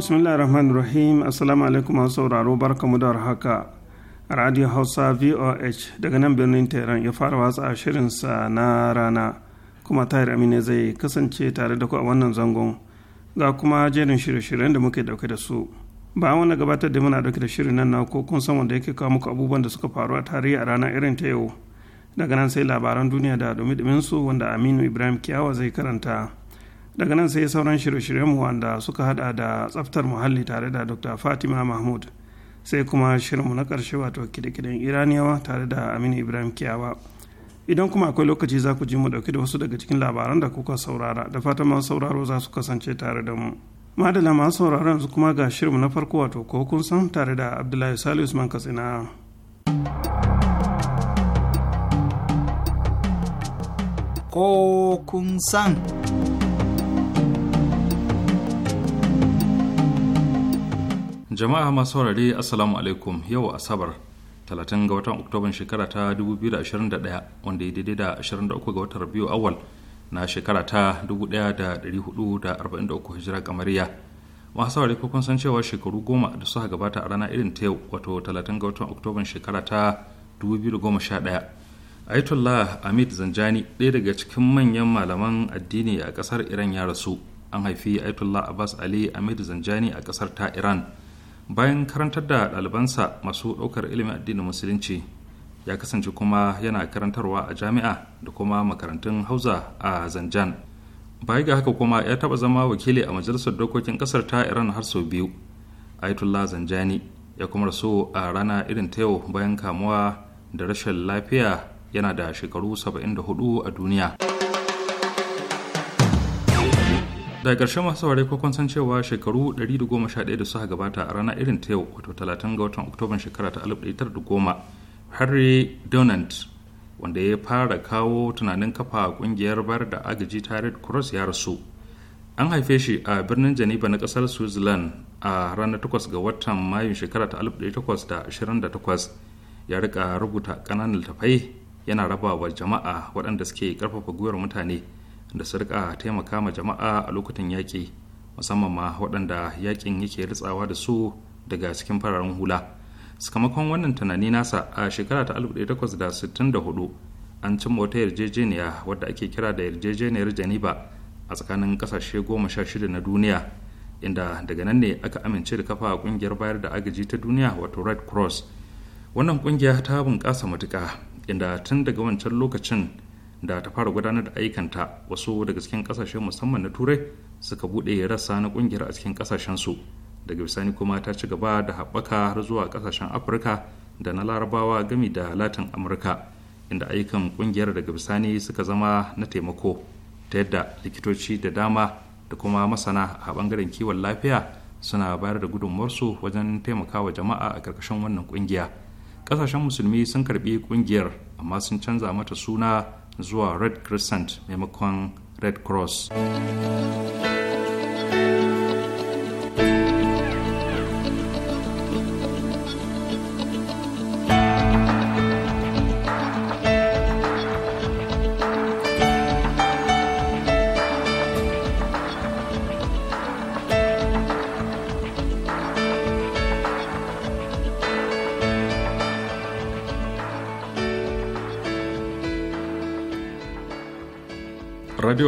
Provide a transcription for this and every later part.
bismillah rahman rahim assalamu alaikum masu sauraro barkamu da haka radio hausa voh daga nan birnin tehran ya fara watsa shirinsa na rana kuma tahir amina zai kasance tare da ku a wannan zangon ga kuma jerin shirye-shiryen da muke dauke da su bayan wani gabatar da muna dauke da shirin nan na ko kun san wanda yake kawo muku abubuwan da suka faru a tarihi a rana irin ta yau daga nan sai labaran duniya da dumi su wanda aminu ibrahim kiyawa zai karanta daga nan sai sauran shirye-shiryenmu wanda suka hada da tsaftar muhalli tare da dr fatima mahmud sai kuma shirinmu na karshe wato kide-kiden iraniyawa tare da aminu ibrahim kiyawa idan kuma akwai lokaci za ku ji mu ɗauki da wasu daga cikin labaran da kuka saurara da fatan masu sauraro za su kasance tare da mu madala masu sauraron su kuma ga shirinmu na farko wato ko kun san tare da abdullahi salisu usman katsina ko kun san jama'a masu saurare assalamu alaikum yau asabar 30 ga watan oktoban shekara ta 2021 wanda ya daidai da 23 ga watan biyu awal na shekara ta 1443 hijira kamariya masu saurare ko kun san cewa shekaru goma da suka gabata a rana irin ta yau wato 30 ga watan oktoban shekara ta 2011 ayatollah amit zanjani ɗaya daga cikin manyan malaman addini a ƙasar iran ya rasu an haifi ayatollah abbas ali amit zanjani a ƙasar ta iran bayan karantar da ɗalibansa masu ɗaukar ilimin addinin musulunci ya kasance kuma yana karantarwa a jami'a da kuma makarantun hausa a zanjan baya ga haka kuma ya taɓa zama wakili a majalisar dokokin ƙasar ta iran har sau biyu ayatollah zanjani ya kuma rasu a rana irin ta yau bayan kamuwa da rashin lafiya yana da shekaru 74 a duniya. da ƙarshe masu saurare ko kun san cewa shekaru 111 da suka gabata a ranar irin ta yau wato 30 ga watan oktoban shekara ta 1910 harry donant wanda ya fara kawo tunanin kafa kungiyar bayar da agaji ta red cross ya rasu an haife shi a birnin geneva na kasar switzerland a ranar 8 ga watan mayun shekara ta 1828 ya rika rubuta kananan tafai yana raba wa jama'a waɗanda suke karfafa gwiwar mutane da su rika taimaka ma jama'a a lokutan yaƙi musamman ma waɗanda yaƙin yake ritsawa da su daga cikin fararen hula sakamakon wannan tunani nasa a shekara ta 1864 an cimma wata yarjejeniya wadda ake kira da yarjejeniyar janiba a tsakanin ƙasashe goma sha shida na duniya inda daga nan ne aka amince da kafa ƙungiyar bayar da agaji ta duniya wato red cross wannan ƙungiya ta bunƙasa matuka inda tun daga wancan lokacin da ta fara gudanar da aikanta wasu daga cikin kasashen musamman na turai suka bude rasa na kungiyar a cikin su daga bisani kuma ta ci gaba da haɓaka har zuwa kasashen afirka da na larabawa gami da latin amurka inda ayyukan kungiyar daga bisani suka zama na taimako ta yadda likitoci da dama da kuma masana a bangaren kiwon lafiya suna bayar da gudunmuwarsu wajen taimakawa jama'a a karkashin wannan kungiya kasashen musulmi sun karbi kungiyar amma sun canza mata suna zuwa red crescent maimakon red cross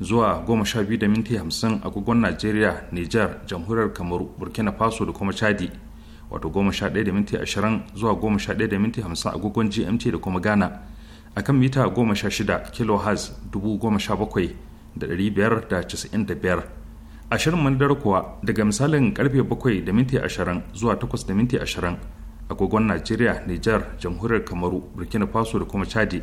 zuwa goma sha biyu da minti agogon najeriya niger jamhuriyar kamaru burkina faso da kuma chadi wato goma sha ɗaya da zuwa goma sha ɗaya agogon gmt da kuma ghana akan mita goma sha shida kilohertz dubu goma sha bakwai da da da biyar ashirin mandar kuwa daga misalin karfe bakwai da minti ashirin zuwa takwas da minti ashirin agogon najeriya niger jamhuriyar kamaru burkina faso da kuma chadi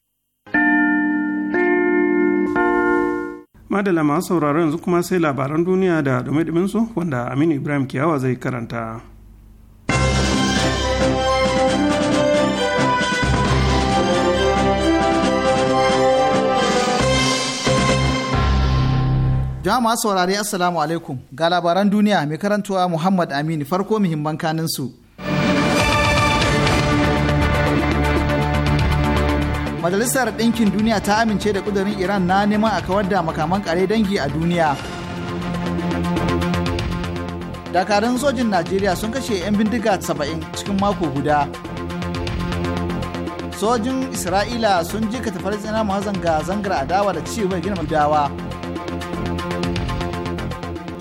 madala masu sauraron yanzu kuma sai labaran duniya da dumi su wanda aminu ibrahim kiyawa zai karanta jama'a saurari assalamu alaikum ga labaran duniya mai karantuwa muhammad aminu farko muhimman kaninsu majalisar ɗinkin duniya ta amince da ƙudurin iran na neman a kawar da makaman kare dangi a duniya dakarun sojin najeriya sun kashe 'yan bindiga 70 cikin mako guda sojin isra'ila sun jikata tsina ma zanga-zangar adawa da cewar gina dawa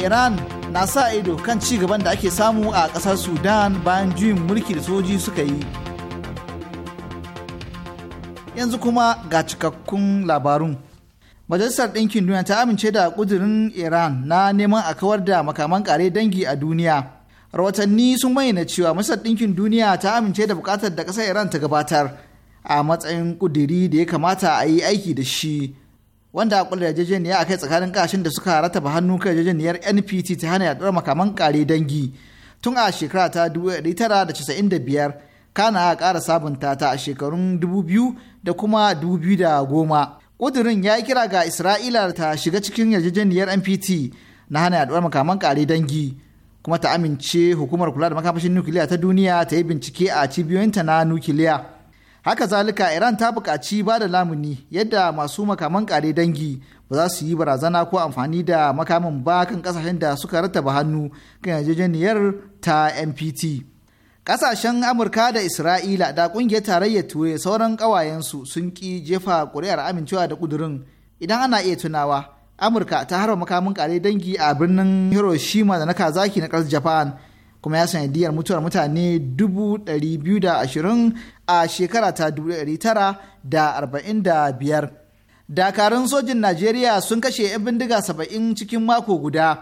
iran na sa ido kan ci gaban da ake samu a ƙasar sudan bayan juyin mulki da soji suka yi Yanzu kuma ga cikakkun labarun. Majalisar Ɗinkin Duniya ta amince da ƙudurin Iran na neman a kawar da makaman ƙare dangi a duniya. Rawatanni sun bayyana cewa Majalisar Ɗinkin Duniya ta amince da buƙatar da ƙasar Iran ta gabatar a matsayin ƙuduri da ya kamata a yi aiki da shi. Wanda a ƙulla yarjejeniya a kai tsakanin ƙashin da suka rataba hannu kan yarjejeniyar NPT ta hana yaɗuwar makaman ƙare dangi tun a shekara ta biyar. kana a ƙara sabunta ta a shekarun 2000 da kuma 2010 ƙudurin ya yi kira ga isra'ila ta shiga cikin yarjejeniyar npt na hana yaduwar makaman ƙare dangi kuma ta amince hukumar kula da makamashin nukiliya ta duniya ta yi bincike a cibiyoyinta na nukiliya haka zalika iran ta buƙaci ba da lamuni yadda masu makaman ƙare dangi ba za su yi barazana ko amfani da makamin ba kan ƙasashen da suka rattaba hannu kan yarjejeniyar ta npt Ƙasashen Amurka da Isra'ila da ƙungiyar tarayyar Turai sauran ƙawayensu sun ƙi jefa ƙuri'ar amincewa da ƙudurin idan ana iya tunawa. Amurka ta harba makamin ƙare dangi a birnin Hiroshima da na Kazaki na ƙasar Japan kuma ya sanadiyar mutuwar mutane 220 a shekara ta 1945. Dakarun sojin Najeriya sun kashe 'yan bindiga saba'in cikin mako guda.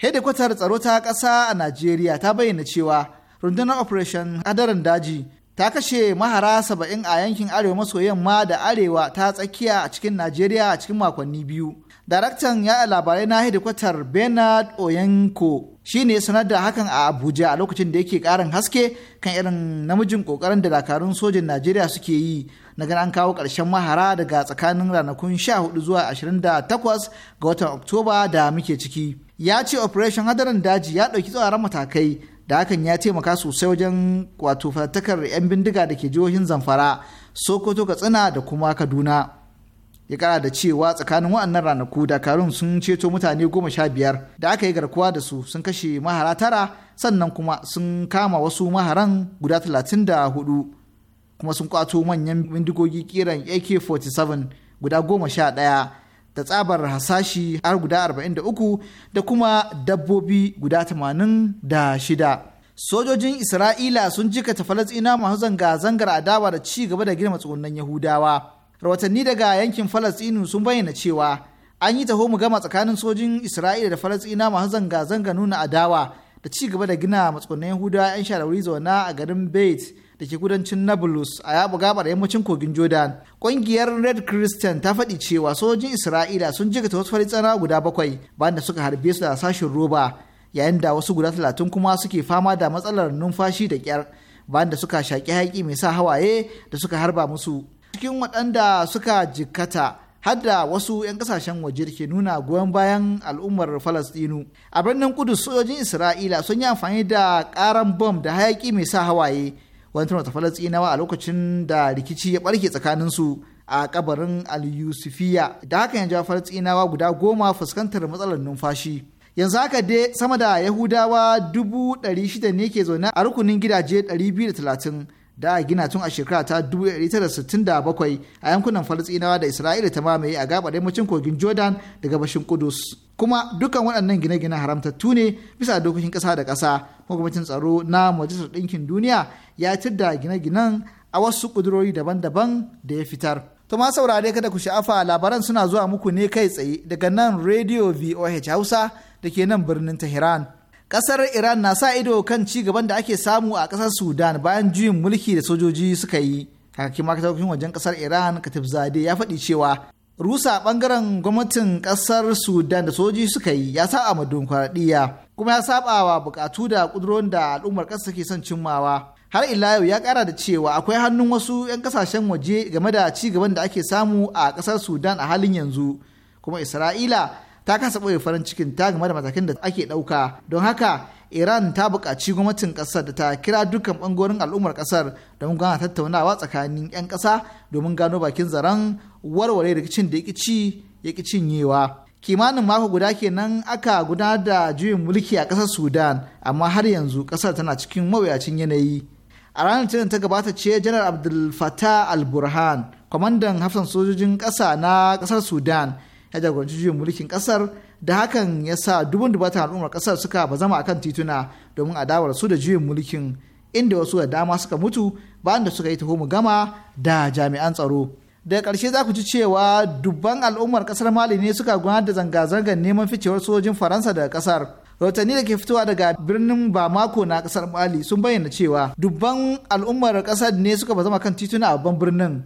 Hedikwatar tsaro ta ƙasa a Najeriya ta bayyana cewa rundunar operation hadarin daji ta kashe mahara saba'in a yankin arewa maso yamma da arewa ta tsakiya a cikin najeriya a cikin makonni biyu daraktan ya labarai na hedikwatar bernard oyenko shi ne sanar da hakan a abuja a lokacin da yake karin haske kan irin namijin kokarin da dakarun sojin najeriya suke yi na gan an kawo ƙarshen mahara daga tsakanin ranakun 14 zuwa 28 ga watan oktoba da muke ciki ya ce operation hadarin daji ya ɗauki tsawaran matakai da hakan ya taimaka sosai wajen wato fatakar 'yan bindiga da ke jihohin zamfara sokoto katsina da kuma kaduna ya kara da cewa tsakanin wa'annan ranaku dakarun sun ceto mutane goma sha biyar da aka yi garkuwa da su sun kashe mahara tara sannan kuma sun kama wasu maharan guda talatin da hudu kuma sun kwato manyan bindigogi kiran ak-47 guda goma sha ɗaya da tsabar hasashi har guda 43 da kuma dabbobi guda 86. Sojojin Isra'ila sun cikata Falasina masu zanga-zangar adawa da ci gaba da girma tsugunan Yahudawa. Rawatanni daga yankin Falasɗinu sun bayyana cewa an yi taho mu gama tsakanin sojin Isra'ila da Falasina masu zanga-zanga nuna adawa da ci gaba da gina matsugunan Yahudawa 'yan wuri zauna a garin Beit da ke kudancin Nablus a yabu gabar yammacin kogin Jordan. Ƙungiyar Red Christian ta faɗi cewa sojojin Isra'ila sun jigata wasu tsana guda bakwai bayan da suka harbe su da sashin roba yayin da wasu guda talatin kuma suke fama da matsalar numfashi da ƙyar bayan da suka shaƙi haƙi mai sa hawaye da suka harba musu. Cikin waɗanda suka jikkata hadda wasu 'yan kasashen waje da ke nuna goyon bayan al'ummar falastinu a birnin Kudu, sojojin isra'ila sun yi amfani da karan bom da hayaki mai sa hawaye wani tunan falastinawa a lokacin da rikici ya barke tsakaninsu a kabarin al-yusufiya da haka ya jawo falastinawa guda goma fuskantar matsalar numfashi yanzu haka dai sama da yahudawa dubu ɗari shida ne ke zaune a rukunin gidaje ɗari biyu da talatin da a gina tun a shekara ta 1967 a yankunan falisinawa da isra'ila ta mamaye a da yammacin kogin jordan da gabashin kudus kuma dukkan waɗannan gine-gine haramtattu ne bisa dokokin ƙasa da ƙasa hukumacin tsaro na majalisar ɗinkin duniya ya da gine-ginen a wasu ƙudurori daban-daban da ya fitar to ma saurare kada ku sha'afa labaran suna zuwa muku ne kai tsaye daga nan radio voh hausa da ke nan birnin tehran Ƙasar Iran na sa ido kan ci gaban da ake samu a ƙasar Sudan bayan juyin mulki da sojoji suka yi. kakakin makatakin wajen ƙasar Iran Katib Zade ya faɗi cewa rusa bangaren gwamnatin ƙasar Sudan da sojoji suka yi ya sa a dimokuraɗiyya kuma ya saba wa buƙatu da ƙudurorin da al'ummar ƙasa ke son cimmawa. Har ila yau ya kara da cewa akwai hannun wasu 'yan ƙasashen waje game da ci gaban da ake samu a ƙasar Sudan a halin yanzu. Kuma Isra'ila ta kasa ɓoye farin cikin ta game da matakin da ake ɗauka don haka iran ta buƙaci gwamnatin ƙasar da ta kira dukkan ɓangoren al'ummar ƙasar don gana tattaunawa tsakanin 'yan ƙasa domin gano bakin zaren warware rikicin da ya ƙi cinyewa kimanin mako guda kenan aka gudanar da juyin mulki a ƙasar sudan amma har yanzu ƙasar tana cikin mawuyacin yanayi a ranar tunan ta gabata ce janar abdul fatah al kwamandan hafsan sojojin ƙasa na ƙasar sudan ya jagoranci juyin mulkin kasar da hakan ya sa dubun dubatan al'ummar kasar suka bazama akan tituna domin adawar su da juyin mulkin inda wasu da dama suka mutu bayan da suka yi taho gama da jami'an tsaro daga ƙarshe za ku ji cewa dubban al'ummar kasar mali ne suka gudanar da zanga-zangar neman ficewar sojojin faransa daga kasar rahotanni da ke fitowa daga birnin bamako na kasar mali sun bayyana cewa dubban al'ummar kasar ne suka bazama kan tituna a babban birnin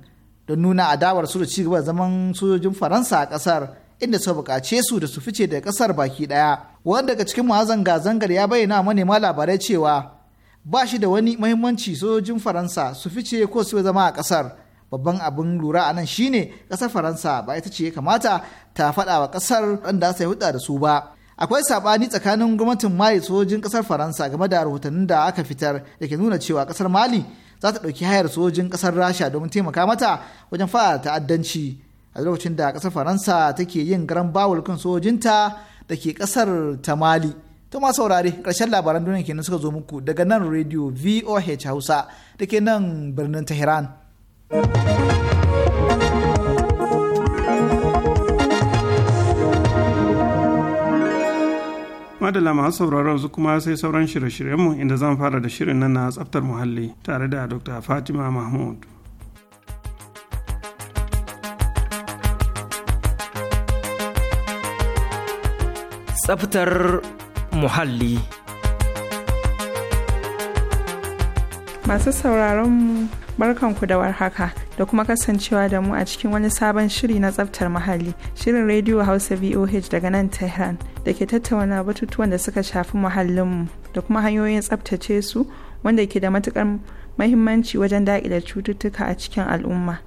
don nuna adawar su da ci gaba zaman sojojin faransa a kasar inda suka bukace su da su fice daga kasar baki daya wanda daga cikin masu zanga-zangar ya bayyana manema labarai cewa ba shi da wani mahimmanci sojojin faransa su fice ko su zama a kasar babban abin lura a nan shine kasar faransa ba ita ce ya kamata ta faɗa wa kasar wanda sai huda da su ba akwai sabani tsakanin gwamnatin mali sojojin kasar faransa game da rahotannin da aka fitar da ke nuna cewa kasar mali za ta ɗauki hayar sojin ƙasar rasha domin taimaka mata wajen fara ta'addanci a lokacin da ƙasar faransa take yin garan bawul kan sojinta da ke ƙasar ta mali to ma saurare ƙarshen labaran duniya kenan suka zo muku daga nan rediyo voh hausa da ke nan birnin tehran madalla masu sauraron su kuma sai sauran shirye-shiryenmu inda zan fara da shirin nan na tsaftar muhalli tare da dr fatima mahmud tsaftar muhalli masu sauraron barkan ku da warhaka da kuma kasancewa da mu a cikin wani sabon shiri na tsaftar muhalli shirin rediyo hausa voh daga nan tehran da ke tattauna batutuwan da suka shafi muhallinmu da kuma hanyoyin tsaftace su wanda ke da matukar mahimmanci wajen daƙile cututtuka a cikin al'umma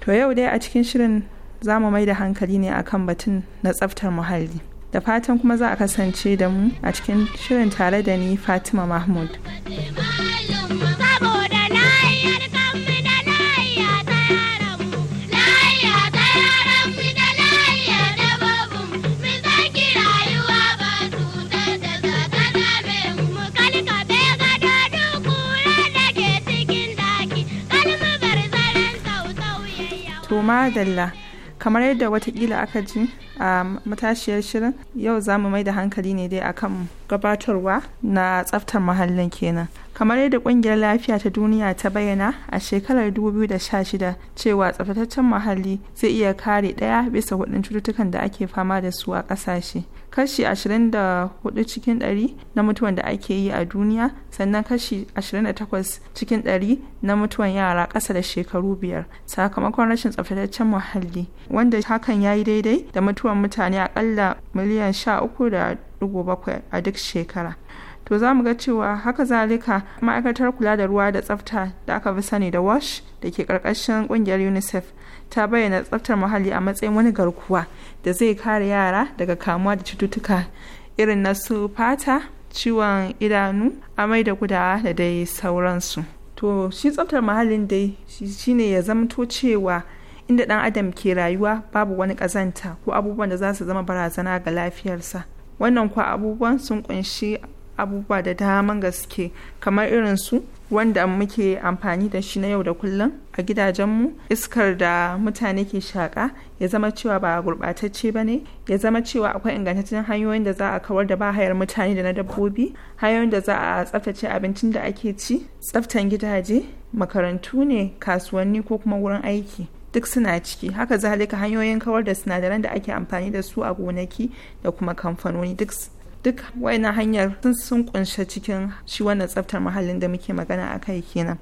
to yau dai a cikin shirin za mu mai da hankali ne akan batun na tsaftar muhalli da fatan kuma za a kasance da mu a cikin shirin tare da ni fatima mahmud madalla kamar yadda watakila aka ji a matashiyar shirin yau za mu mai da hankali ne dai akan gabatarwa na tsaftar muhallin kenan kamar yadda kungiyar lafiya ta duniya ta bayyana a shekarar 2016 cewa tsaftataccen muhalli zai iya kare daya bisa hudun cututtukan da ake fama da su a kasashe kashi 24 cikin 100 na mutuwan da ake yi a duniya sannan kashi 28 cikin 100 na mutuwan yara ƙasa da shekaru biyar sakamakon rashin tsaftataccen muhalli wanda hakan ya yi daidai da mutuwan mutane akalla miliyan 13.7 a duk shekara to za mu ga cewa haka zalika ma'aikatar kula da ruwa da tsafta da aka fi sani da wash da ke karkashin kungiyar unicef ta bayyana tsaftar muhalli a matsayin wani garkuwa da zai kare yara daga kamuwa da cututtuka irin na su fata ciwon idanu amai da gudawa da dai sauransu to shi tsaftar muhallin dai shine ya zamto cewa inda dan adam ke rayuwa babu wani kazanta ko abubuwan da za su zama barazana ga lafiyarsa wannan kuwa abubuwan sun kunshi abubuwa da daman gaske kamar irin su wanda muke amfani da shi na yau da kullum a gidajenmu iskar da mutane ke shaƙa ya zama cewa ba gurɓatacce ba ne ya zama cewa akwai ingantaccen hanyoyin da za a kawar da bahayar mutane da na dabbobi hanyoyin da za a tsaftace abincin da ake ci tsaftan gidaje makarantu ne kasuwanni ko kuma wurin aiki duk suna ciki haka zalika hanyoyin kawar da sinadaran da ake amfani da su a gonaki da kuma kamfanoni duk duk wayannan hanyar sun sun kunshe cikin shi wannan tsaftar muhallin da muke magana a kai kenan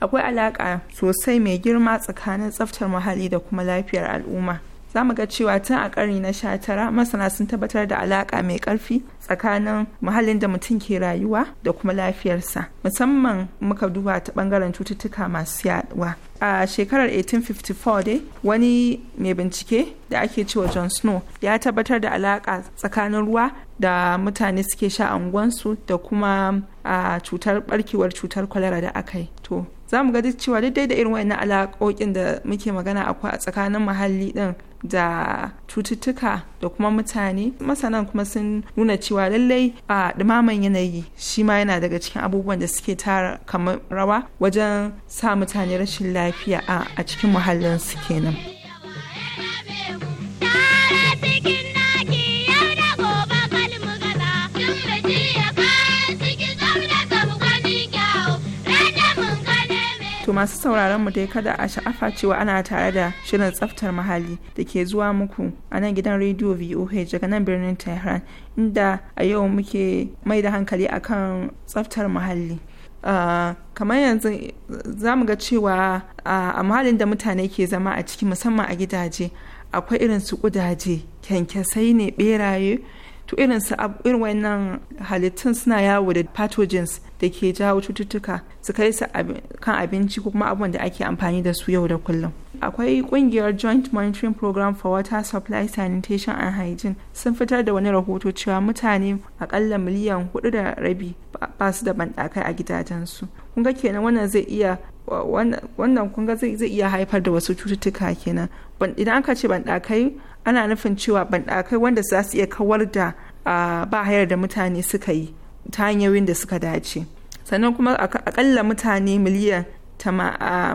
akwai alaƙa sosai mai girma tsakanin tsaftar muhalli da kuma lafiyar al'umma za mu ga cewa tun a ƙarni na sha tara masana sun tabbatar da alaƙa mai ƙarfi tsakanin muhallin da mutum ke rayuwa da kuma lafiyarsa musamman muka duba ta ɓangaren cututtuka masu yaduwa a shekarar 1854 dai wani mai bincike da ake cewa john snow ya tabbatar da alaƙa tsakanin ruwa da mutane suke sha a da kuma a cutar barkewar cutar kwalara da aka yi to za mu ga duk cewa duk da irin wa'annan alaƙoƙin da muke magana akwai a tsakanin muhalli ɗin da cututtuka da kuma mutane masanan kuma sun nuna cewa lallai a ɗumaman yanayi shi ma yana daga cikin abubuwan da suke tara kamar rawa wajen sa mutane rashin lafiya a cikin muhallin su kenan. To masu sauraron mu dai kada a sha'afa cewa ana tare da shirin tsaftar muhalli da ke zuwa muku a nan gidan rediyo VOH daga nan birnin Tehran inda a yau muke mai da hankali akan tsaftar muhalli. kamar yanzu za mu ga cewa a muhallin da mutane ke zama a ciki musamman a gidaje akwai irin su kudaje kyankyasai ne beraye to irin su irin wayannan halittun suna yawo da pathogens da ke jawo cututtuka su kai su kan abinci ko kuma abubuwan da ake amfani da su yau da kullum akwai kungiyar joint monitoring program for water supply sanitation and hygiene sun fitar da wani rahoto cewa mutane akalla miliyan hudu da rabi ba su da bandakai a gidajensu kun ga kenan wannan zai iya wannan kunga zai iya haifar da wasu cututtuka kenan idan aka ce banɗakai ana nufin cewa banɗakai wanda za su iya kawar da ba hayar da mutane suka yi ta hanyoyin da suka dace sannan kuma akalla mutane miliyan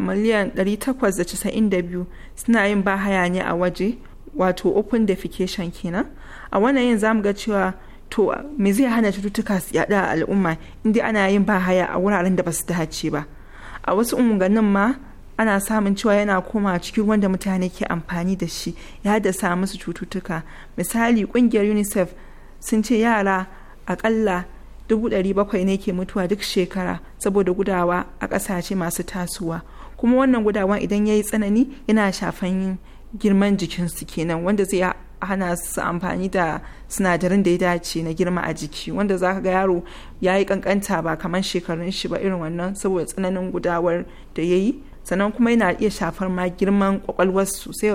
miliyan 892 suna yin ba haya ne a waje wato open defecation kenan a wannan yin zamu ga cewa to me zai hana cututtuka su yada a al'umma inda ana yin ba haya a wuraren da ba su dace ba a wasu unganin ma ana samun cewa yana koma cikin wanda mutane ke amfani da shi ya haddasa musu cututtuka misali kungiyar unicef sun ce yara akalla 700,000 ne ke mutuwa duk shekara saboda gudawa a ƙasashe masu tasowa kuma wannan gudawa idan ya yi tsanani yana shafan girman jikinsu kenan wanda zai hana su amfani da sinadarin da ya dace na girma a jiki wanda zaka ga yaro ya yi kankanta ba kamar shekarun shi ba irin wannan saboda tsananin gudawar da ya yi sannan kuma yana iya shafar ma girman kwakwalwarsu sai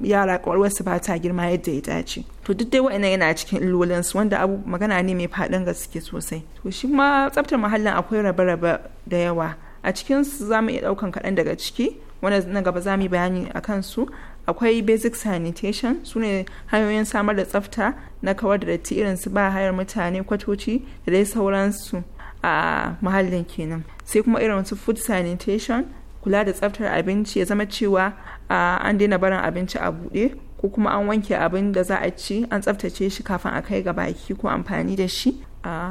yara kwakwalwarsu ba ta girma yadda ya dace to duk dai wa'annan yana cikin illolinsu wanda abu magana ne mai faɗin gaske sosai to shi ma tsaftar muhallin akwai rabe-rabe da yawa a cikinsu za mu iya ɗaukan kaɗan daga ciki wanda na gaba za mu yi bayani a kansu akwai basic sanitation su ne hanyoyin samar da tsafta na kawar da datti irin su ba hayar mutane kwatoci da dai sauransu a muhallin kenan sai kuma irin su food sanitation kula da tsaftar abinci ya zama cewa an daina barin abinci a buɗe ko kuma an wanke abin da za a ci an tsaftace shi kafin a kai ga baki ko amfani da shi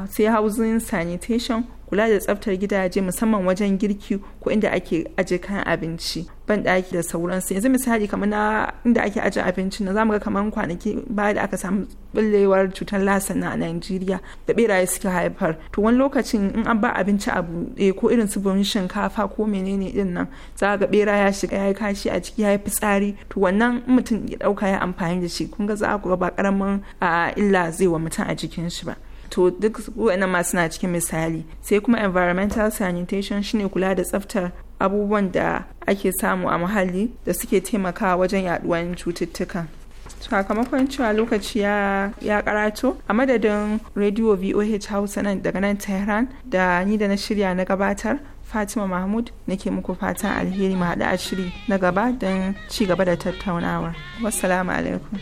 sai housing sanitation kula da tsaftar gidaje musamman wajen girki ko inda ake aje kayan abinci banɗaki da sauransu yanzu misali kamar na inda ake aje abincin na zamu ga kamar kwanaki baya da aka samu bullewar cutar lasa na Najeriya da beraye suke haifar to wani lokacin in an ba abinci a buɗe ko irin su bumin shinkafa ko menene din nan za ga bera ya shiga ya kashi a ciki ya yi fitsari to wannan mutum ya ɗauka ya amfani da shi kun ga za ku ga ba ƙaramin ah, illa zai wa mutum a jikin shi ba. to duk wa'annan ma suna cikin misali sai kuma environmental sanitation shine kula da tsaftar abubuwan da ake samu a muhalli da suke taimakawa wajen yaduwan cututtuka sakamakon cewa lokaci ya karato a madadin radio voh hausa nan daga nan tehran da ni da na shirya na gabatar fatima mahmud nake muku fatan alheri mu haɗu a shiri na gaba don ci gaba da tattaunawa wassalamu alaikum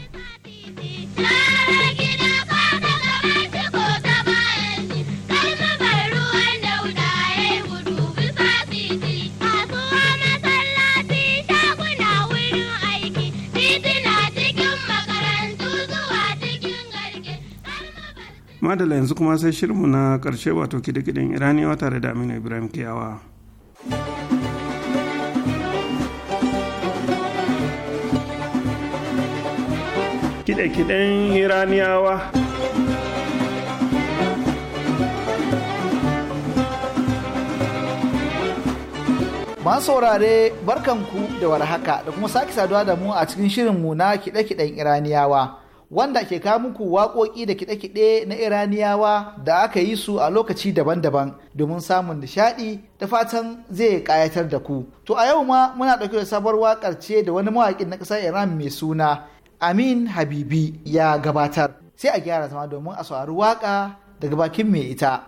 madala yanzu kuma sai shirinmu na karshe wato kidikidin iraniyawa tare da aminu ibrahim kiyawa kidikidin iraniyawa masu saurare barkanku da warhaka da kuma sake saduwa da mu a cikin shirinmu na kide-kiden iraniyawa wanda ke kawo muku waƙoƙi da kiɗe-kiɗe na iraniyawa da aka yi su a lokaci daban-daban domin samun nishaɗi da fatan zai ƙayatar da ku to a yau ma muna ɗauke da sabuwar waƙar ce da wani mawaƙin na ƙasar iran mai suna amin habibi ya gabatar sai a gyara zama domin a saurari waƙa daga bakin mai ita.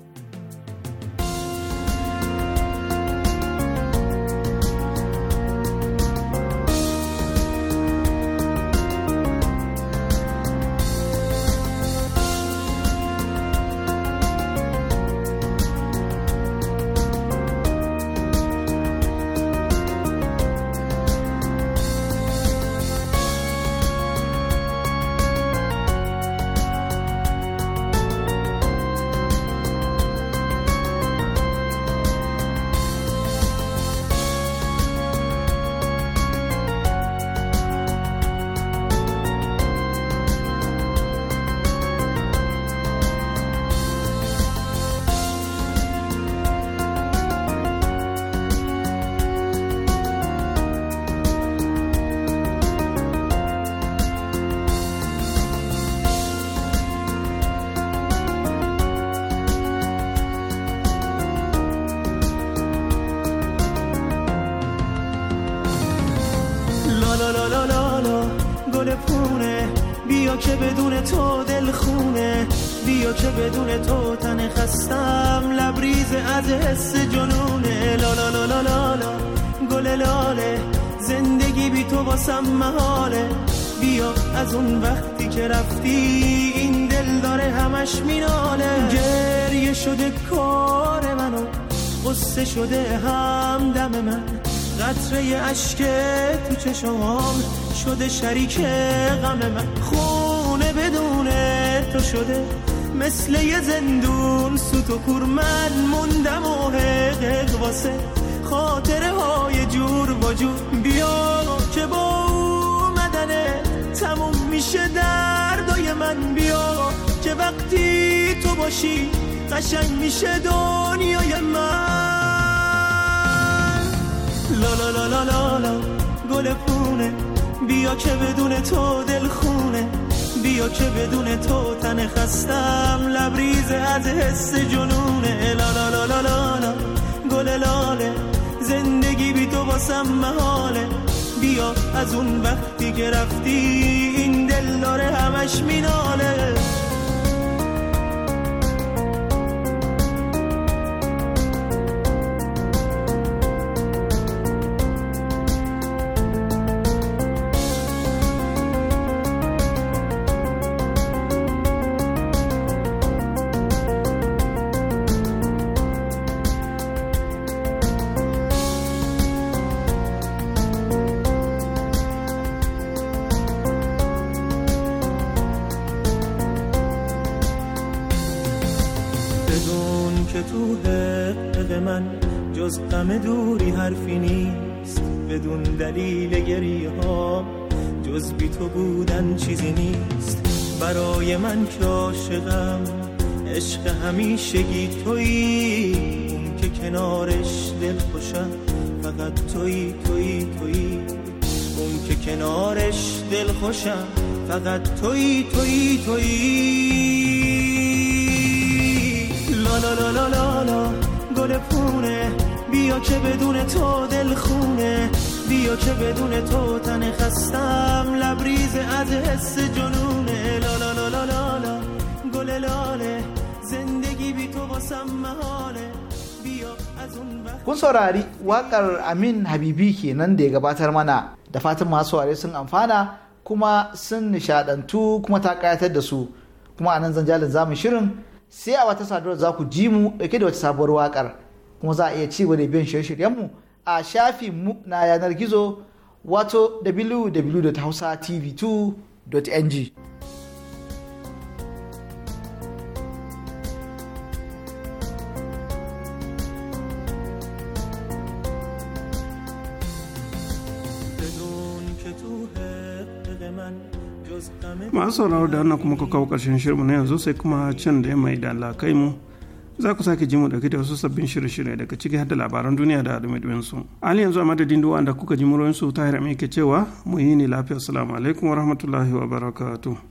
بیا که بدون تو دل خونه بیا که بدون تو تن خستم لبریز از حس جنونه لا لا لا گل لاله زندگی بی تو باسم محاله بیا از اون وقتی که رفتی این دل داره همش میناله گریه شده کار منو قصه شده هم دم من قطره اشک تو چشمام شده شریک غم من خونه بدون تو شده مثل یه زندون سوت و کور من موندم و واسه خاطره های جور با جور بیا که با اومدنه تموم میشه دردای من بیا که وقتی تو باشی قشنگ میشه دنیای من لا لا لا لا لا, گل پونه بیا که بدون تو دل خونه بیا که بدون تو تن خستم لبریز از حس جنونه لا لا لا لا لا, گل لاله زندگی بی تو باسم محاله بیا از اون وقتی که رفتی این دل داره همش میناله تو حق من جز غم دوری حرفی نیست بدون دلیل گریه ها جز بی تو بودن چیزی نیست برای من که عاشقم عشق همیشگی تویی اون که کنارش دل خوشم فقط تویی تویی توی اون که کنارش دل خوشم فقط تویی تویی تویی لا لا لا لا لا گل پونه بیا که بدون تو دل خونه بیا که بدون تو تن خستم لبریز از حس جنونه لا لا لا لا لا, لا گل لاله زندگی بی تو واسم محاله Kun saurari wakar Amin Habibi kenan da ya gabatar mana da fatan masu ware sun amfana kuma sun nishadantu kuma ta kayatar da su kuma anan zanjalin zamu shirin sai a wata sadarwar za ku ji mu dauke da wata sabuwar wakar kuma za a iya ci da biyan shirye mu a shafin mu na yanar gizo wato www.hausatv2.ng masu sauraro da wannan kuma ku kawo ƙarshen shirinmu na yanzu sai kuma can da ya mai da lakai mu za ku sake ji mu dauke da wasu sabbin shirye-shirye daga ciki har da labaran duniya da dumi su. Ali yanzu a madadin duwa da kuka ji muryoyin su ta hira ke cewa mu yi ne lafiya salamu alaikum wa rahmatullahi wa barakatuh.